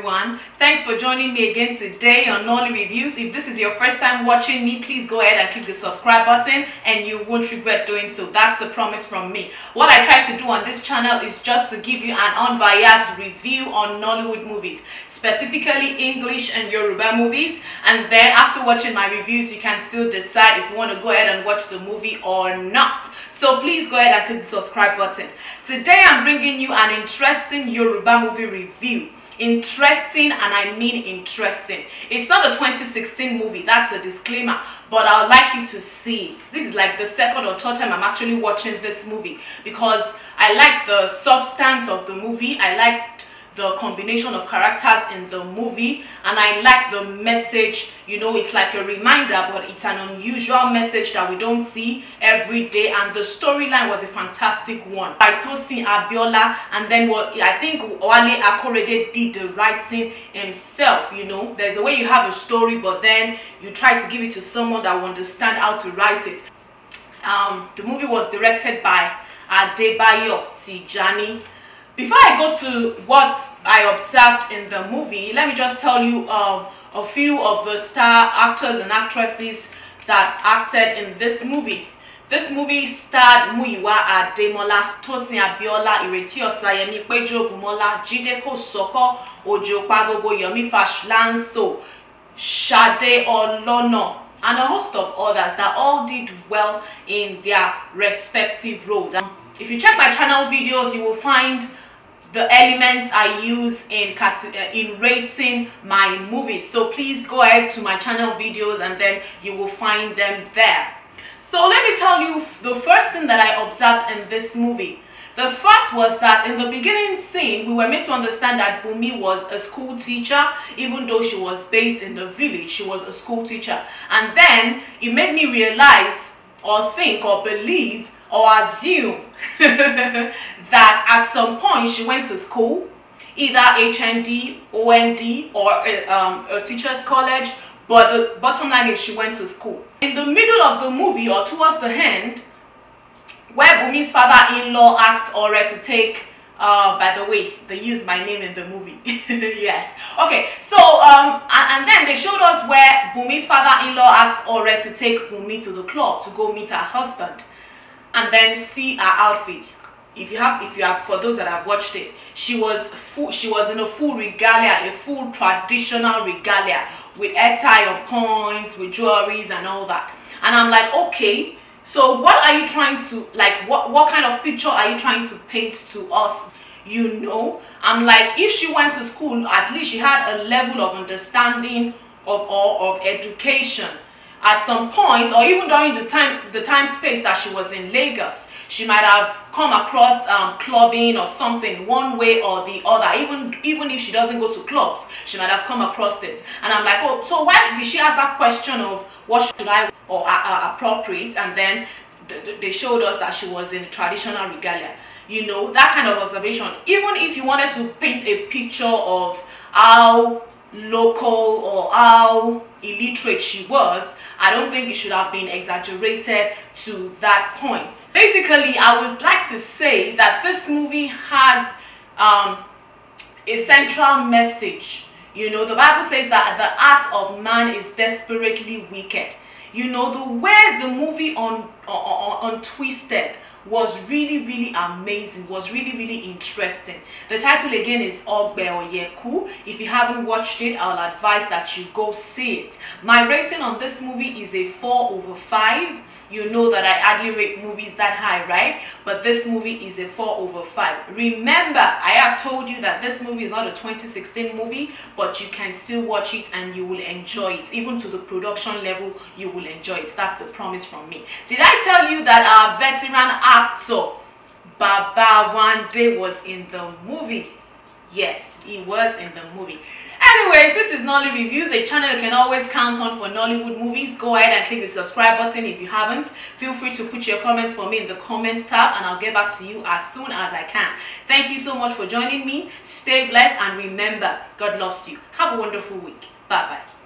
everyone. Thanks for joining me again today on Nollywood Reviews. If this is your first time watching me, please go ahead and click the subscribe button and you won't regret doing so. That's a promise from me. What I try to do on this channel is just to give you an unbiased review on Nollywood movies, specifically English and Yoruba movies. And then after watching my reviews, you can still decide if you want to go ahead and watch the movie or not. So please go ahead and click the subscribe button. Today I'm bringing you an interesting Yoruba movie review. Interesting, and I mean interesting. It's not a 2016 movie, that's a disclaimer, but I would like you to see it. This is like the second or third time I'm actually watching this movie because I like the substance of the movie, I like the combination of characters in the movie and I like the message you know it's like a reminder but it's an unusual message that we don't see every day and the storyline was a fantastic one by Tosin Abiola and then what I think Wale Akorede did the writing himself you know there's a way you have a story but then you try to give it to someone that will understand how to write it um, the movie was directed by Adebayo Tijani Before I go to what I observed in the movie, let me just tell you um, a few of the star actors and actresses that acted in this movie. This movie starred Muyiwa Ademola, Tosin Abiola, Ireti Osayemi, Pejo Gumola, Jide Kosoko, Ojo Pagogo, Yomi Fashlanso, Shade Olono, and a host of others that all did well in their respective roles. If you check my channel videos, you will find the elements I use in uh, in rating my movies. So please go ahead to my channel videos and then you will find them there. So let me tell you the first thing that I observed in this movie. The first was that in the beginning scene, we were made to understand that Bumi was a school teacher, even though she was based in the village, she was a school teacher. And then it made me realize or think or believe or assume that at some point she went to school, either HND, OND, or a, uh, um, a teacher's college, but the bottom line is she went to school. In the middle of the movie or towards the end, where Bumi's father-in-law asked Ore to take uh, by the way, they used my name in the movie. yes. Okay, so, um, and, and, then they showed us where Bumi's father-in-law asked Ore to take Bumi to the club to go meet her husband and then see her outfit if you have if you have for those that have watched it she was full she was in a full regalia a full traditional regalia with hair tie on points with jewelries and all that and i'm like okay so what are you trying to like what what kind of picture are you trying to paint to us you know i'm like if she went to school at least she had a level of understanding of or of education at some point or even during the time the time space that she was in Lagos she might have come across um, clubbing or something one way or the other even even if she doesn't go to clubs she might have come across it and i'm like oh so why did she ask that question of what should i or uh, uh appropriate and then they showed us that she was in traditional regalia you know that kind of observation even if you wanted to paint a picture of how local or how illiterate she was I don't think it should have been exaggerated to that point. Basically, I would like to say that this movie has um, a central message. You know, the Bible says that the art of man is desperately wicked. You know, the way the movie on or untwisted was really really amazing was really really interesting the title again is ogbe oyeku if you haven't watched it i'll advise that you go see it my rating on this movie is a 4 over 5 you know that i hardly rate movies that high right but this movie is a 4 over 5 remember i have told you that this movie is not a 2016 movie but you can still watch it and you will enjoy it even to the production level you will enjoy it that's a promise from me did i I tell you that our veteran actor, Baba Wande, was in the movie? Yes, he was in the movie. Anyways, this is Nolly Reviews, a channel you can always count on for Nollywood movies. Go ahead and click the subscribe button if you haven't. Feel free to put your comments for me in the comments tab and I'll get back to you as soon as I can. Thank you so much for joining me. Stay blessed and remember, God loves you. Have a wonderful week. Bye-bye.